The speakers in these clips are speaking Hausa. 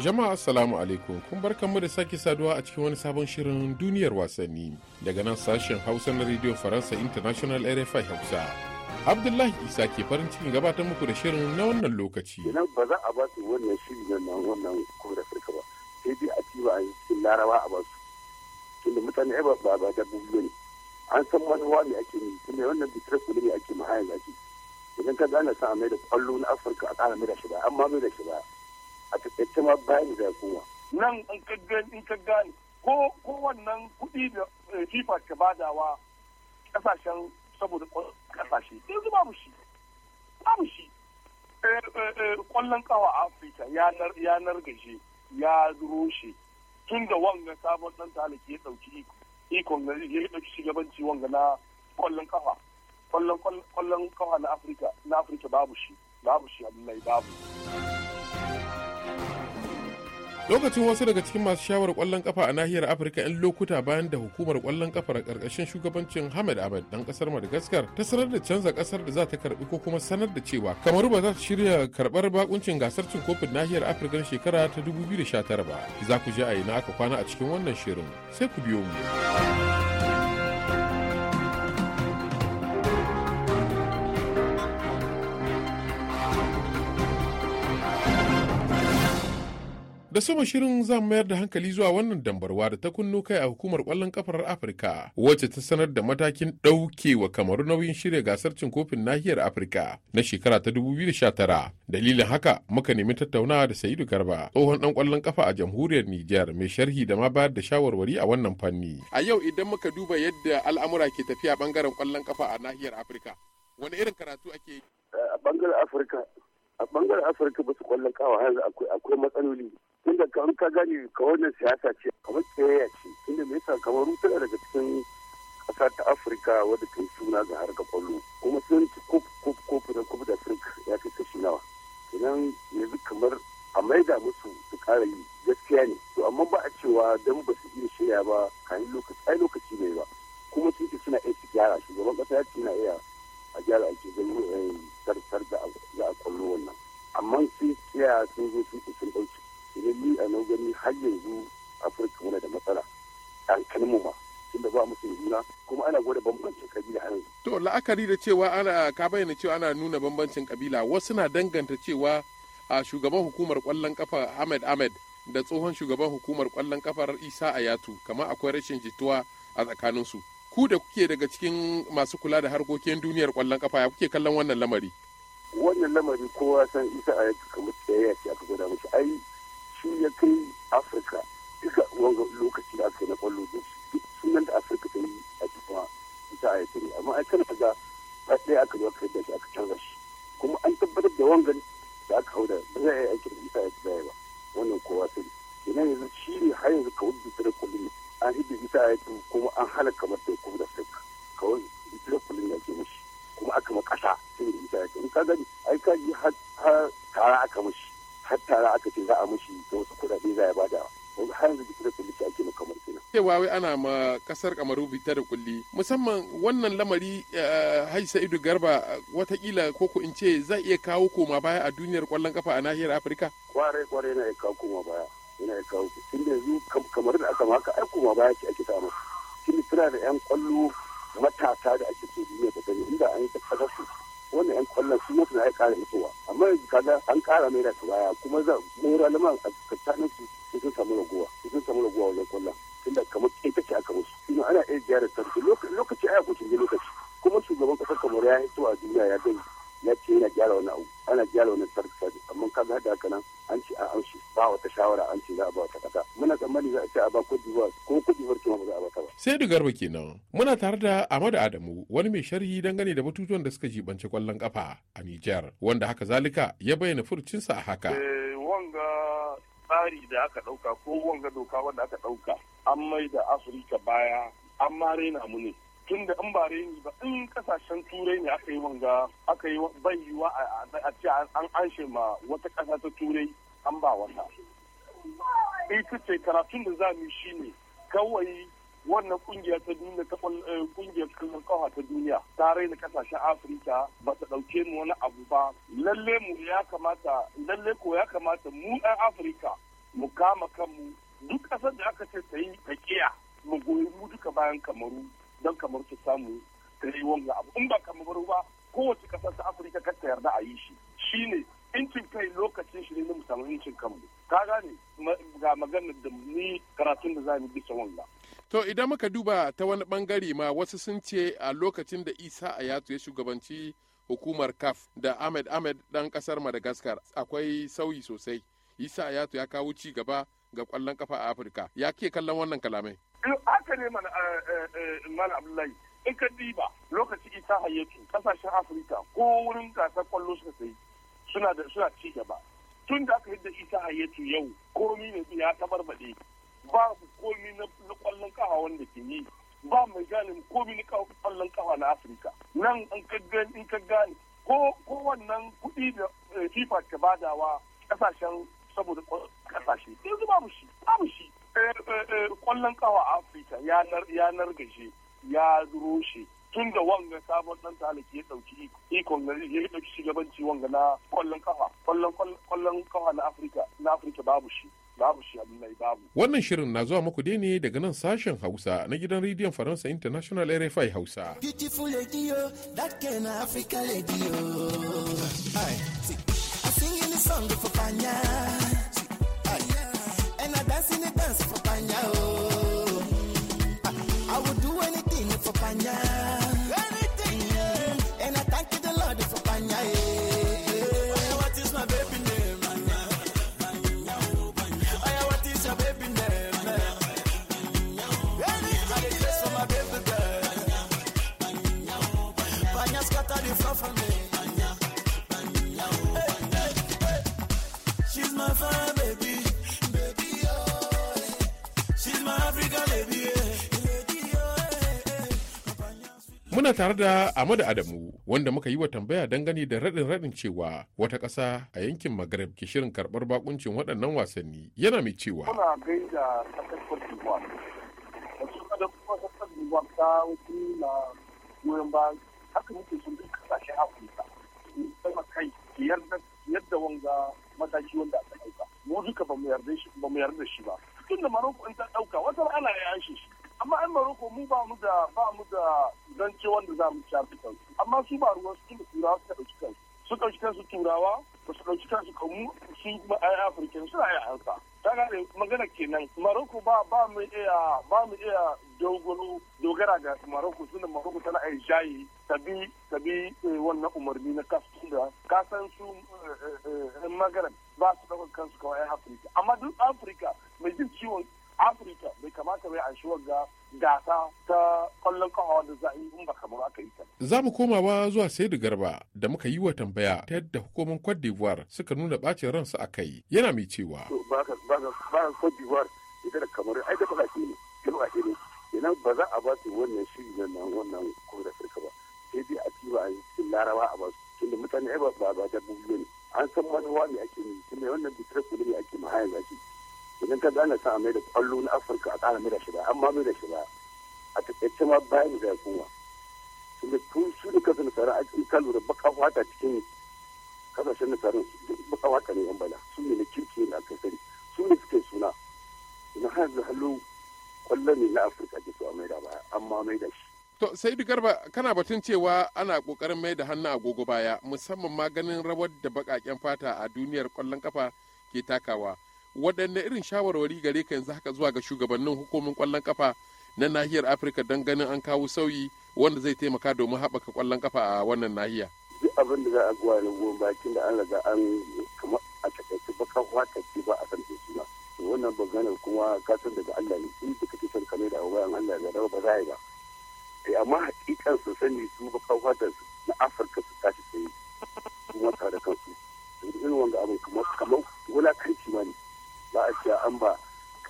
Jama'a Assalamu alaikum kun bar kanmu da sake saduwa a cikin wani sabon shirin duniyar wasanni daga nan sashen Hausa na Radio Faransa International RFI Hausa. Abdullahi Isa ke farin cikin gabatar muku da shirin na wannan lokaci. Idan ba za a ba su wannan shiri na wannan kuma Afirka ba sai dai a ciwa a cikin Larawa a ba su. Tunda mutane ba ba ba dabbobi ne. An san wani ne ake yi tunda wannan bitar kudi ne ake mahaya zaki. Idan ka gane sa mai da kwallo na Afirka a ƙara mai da shiga amma mai da shiga. a taƙaice ma bayan da kowa. Nan in ka gani in ka gani ko ko wannan kuɗi da FIFA eh, ta badawa ƙasashen saboda kasashe yanzu babu shi babu shi eh, eh, Ƙwallon ƙawa a Afirka ya nargaje ya roshe tun da wanga sabon dan talaki ya ɗauki ikon na ya ɗauki shugabanci wanga na ƙwallon kafa kwallon kwallon na Afirka na Afirka babu shi babu shi Abdullahi babu lokacin wasu daga cikin masu shawar kwallon kafa a nahiyar afirka 'yan lokuta bayan da hukumar kwallon kafa a karkashin shugabancin hamad abad dan kasar madagaskar ta sanar da canza kasar da za ta karbi ko kuma sanar da cewa kamaru ba za ta shirya karbar bakuncin gasar cin kofin nahiyar afirka na shekara ta 2019 ba za ku je a ina aka kwana a cikin wannan shirin sai ku biyo mu Da sama shirin za mayar da hankali zuwa wannan dambarwa da ta kunno kai a hukumar kwallon kafar Afirka wacce ta sanar da matakin wa kamaru nauyin shirya gasar cin kofin nahiyar Afirka na shekara ta 2019. Dalilin haka muka nemi tattaunawa da Sa'idu Garba tsohon dan kwallon kafa a jamhuriyar Nijar mai sharhi da ma bayar da shawarwari a wannan fanni. A yau idan muka duba yadda al'amura ke tafiya bangaren kwallon kafa a nahiyar Afirka wani irin karatu ake yi? Eh, a bangaren Afirka a bangaren Afirka ba su kwallon kawa yanzu akwai matsaloli tunda ka ka gani ka wannan siyasa ce kamar tsayayya ce tunda me yasa kamar tana daga cikin ƙasa ta afirka wadda ta suna ga harka kwallo kuma sun ci kuf kuf kuf da kuf da sirk ya fi kashi nawa idan yanzu kamar a maida musu su ƙara yi gaskiya ne to amma ba a cewa don ba su iya shirya ba kayan lokaci ai lokaci ne ba kuma sun suna iya su gyara shugaban ƙasa ya ce na iya a gyara ake ganin eh, da a kwallo wannan amma sun tsaya sun zo sun sun ɗauki idan ni a nan gani har yanzu afirka muna da matsala an kalmu ma tunda ba sun juna kuma ana gwada bambancin kabila a yanzu. to la'akari da cewa ana ka bayyana cewa ana nuna bambancin kabila wasu na danganta cewa a shugaban hukumar kwallon kafa ahmed ahmed da tsohon shugaban hukumar kwallon kafar isa ayatu kamar akwai rashin jituwa a tsakaninsu ku da kuke daga cikin masu kula da harkokin duniyar kwallon kafa ya kuke kallon wannan lamari wannan lamari kowa san isa ayatu kamar ya ce aka gwada mashi ai shi ya kai afirka duka wanga lokaci da aka yi na kwallo da shi sunan da afirka ta yi a cikin ita a yake amma ai kana ga ba ɗaya aka zo aka da shi aka canza shi kuma an tabbatar da wangan da aka hau da ba za a yi aikin da ita ya yi ba wannan kowa sai kenan yanzu shi ne har yanzu ka wuce da kullum an hidda ita ya ci kuma an kamar da kuma da sai kawai ita da kullum ake mashi kuma aka ma ƙasa sai da ita ya ci in ka gani ai ka ji har tara aka mashi hattara aka ce za a mushi da wasu kuɗaɗe za ya bada yanzu har yanzu da kulli ce ake kamar kenan. Ke wawe ana ma kasar kamaru bita da kulli musamman wannan lamari eh, hai sa'idu garba watakila ko ko in ce zai iya kawo koma baya a duniyar kwallon kafa a nahiyar afirka. Kware-kware yana iya kawo koma baya yana iya kawo tun da yanzu kamar da aka maka ai koma baya ce ake samu tun da da yan kwallo matasa da ake so duniya ta gani inda an yi ta kasar su wannan yan kwallon su mutu na ya kara hitowa amma yanzu kaga an kara mai da baya kuma za mora laman a tsakanin su sun samu raguwa sun samu raguwa wajen kwallon tunda kamar ita ce aka musu ana iya ziyarar tarki lokaci aya lokaci kuma shugaban kasar kamar ya hito a duniya ya gani na ce na gyara wani abu ana gyara wani sarki amma ka ga haka kana an ce an amshi ba wata shawara an ce za a ba wata kasa muna tsammani za a ce a ba kudi ba ko kudi d'Ivoire kuma za a ba ta ba sai da garba kenan muna tare da Ahmadu Adamu wani mai sharhi dangane da batutuwan da suka jibanci kwallon kafa a Nijar wanda haka zalika ya bayyana furcinsa a haka eh, wanga tsari da aka ɗauka ko wanga doka wanda aka ɗauka. an mai da Afirka baya an ma raina mu ne tun da in ba reni ba in kasashen turai ne aka yi wanga aka yi bai yiwa a ce an anshe ma wata kasa ta turai an ba wata ita ce karatun da za mu shi shine kawai wannan kungiya ta duniya ta kungiya eh, kallon kawa ta duniya ta raina kasashen afirka ba ta dauke mu wani abu ba lalle mu ya kamata lalle ko ya kamata mu ɗan afirka mu kama kanmu duk ƙasar da aka ce ta yi ta mu goyi mu duka bayan kamaru don kamar su samu yi wanga abu in ba kamar ba kowace kasar ta afirka kar ta yarda a yi shi shi shine incin kai lokacin shi ne na musamman incin kanmu ka gane ga maganar da ni karatun da za mu bisa wanga To idan muka duba ta wani bangare ma wasu sun ce a lokacin da Isa Ayatu ya shugabanci hukumar kaf da Ahmed Ahmed dan kasar Madagascar akwai sauyi sosai. Isa Ayatu ya kawo ci gaba ga kwallon kafa a Afirka. Ya ke kallon wannan kalamai? in aka ne mana eh, eh, eh, mana abdullahi in ka diba lokaci ita hayyatu kasashen afirka ko wurin gasar kwallo suka sai suna da suna ci gaba tun da aka yadda ita hayyatu yau komi ne ya tabarbade ba komi na kwallon kafa wanda ke yi ba mai gane komi na kwallon kafa na afirka nan in ka gane in ka gane ko ko wannan kuɗi da fifa ta badawa kasashen saboda kasashe yanzu babu shi babu shi Eh, eh, kwallon kawa Afirka yanar nargaje ya rushe tun da wanga sabon dan talaki ya dauki ikon gari ya dauki shugabanci wanga na kwallon kafa kwallon kwallon kafa na Afirka na Afirka babu shi babu shi abin babu wannan shirin na zuwa muku dai ne daga nan sashen Hausa na gidan rediyon Faransa International RFI Hausa beautiful radio that can Africa radio I sing a song for Panya and I dance in the dance Muna tare da Amadu Adamu wanda muka yi wa tambaya dangane da raɗin raɗin cewa wata ƙasa a yankin Maghreb ke shirin karɓar bakuncin waɗannan wasanni yana mai cewa. Muna gaida ƙasar Cote d'Ivoire. Da suna da kuma ƙasar Cote ta wuce na goyon ba haka muke sun duk ƙasashen Afirka. Mu kai yadda wanga mataki wanda aka ɗauka. Mu duka ba mu yarda da shi ba. Tun da Maroko in ta ɗauka wata ana ya shi. Amma an Maroko mu ba mu da ba mu da don ce wanda za mu shafi kansu amma su ba ruwan su kuma turawa suka ɗauki kansu su ɗauki kansu turawa ba su ɗauki kansu kamu su ma'ayan afirkin suna yi hausa ta gane magana kenan maroko ba ba mu iya ba mu iya dogoro dogara ga maroko suna maroko tana ai jayi tabi tabi eh, wannan umarni na kasu da san su eh, eh, magana ba su ɗaukar kansu kawai a afirka amma duk afirka mai jin ciwon afirka bai kamata bai an shiwar ga gasa ta kwallon kawa da za a yi in ba kamar aka yi ta za mu komawa zuwa sai da garba da muka yi wa tambaya ta yadda hukumar cote d'ivoire suka nuna bacin ransu a kai yana mai cewa ba ka cote d'ivoire ita da kamar ai da ake ne da ake ne idan ba za a ba su wannan shiri na nan wannan kuma da afirka ba sai dai a ci ba a yi cikin larawa a ba su tunda mutane ai ba ba dabbobi ne an san manuwa ne ake yi tunda wannan bitar kudi ne ake mahaya zaki idan ta gane sa mai da kwallo na afirka a kara mai da shi amma mai da shi ba a takaice ma bayan da ya kuma tunda tun su da kasan nasarar a cikin kalu da baka wata cikin kasashen nasarar baka wata ne yan bala su ne na kirki na akasari su ne suke suna na har da hallo kwallo ne na afirka ke so a mai da baya amma mai da shi To sai garba kana batun cewa ana kokarin mai da hannu agogo baya musamman ma ganin rawar da bakaken fata a duniyar kwallon kafa ke takawa. waɗanne irin shawarwari gare ka yanzu haka zuwa ga shugabannin hukumin ƙwallon kafa na nahiyar afirka don ganin an kawo sauyi wanda zai taimaka domin haɓaka ƙwallon kafa a wannan nahiya duk abin da za a gwa na goma bakin da an riga an kama a takaice baka wata ce ba a san da suna wannan maganar kuma ka san daga Allah ne in da kake son kame da abu bayan Allah ya ba za a yi ba sai eh, amma hakikan su sani su baka wata na afirka su tashi sai kuma tare kansu irin wanda abin kamar an ba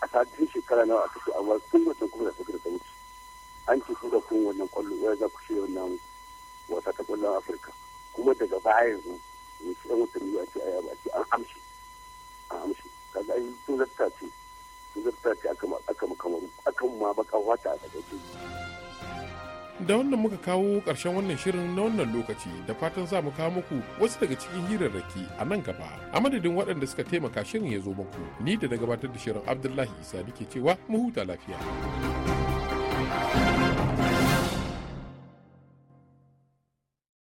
ƙasa tun shekara nawa aka ce amma tun wata kuma da suka da wuce an ce ku da kun wannan kwallo ya za ku shirya wannan wasa ta kwallon afirka kuma daga baya yanzu ne ci ɗan watanni a ce a yaba ce an amshi an amshi kaga yi tun zarta ce tun zarta ce aka ma kamaru akan ma baka wata a takaice da wannan muka kawo ƙarshen wannan shirin na wannan lokaci da fatan za mu kawo muku wasu daga cikin hirarraki a nan gaba a madadin waɗanda suka taimaka shirin ya zo muku ni da na gabatar da shirin abdullahi isa ke cewa mu huta lafiya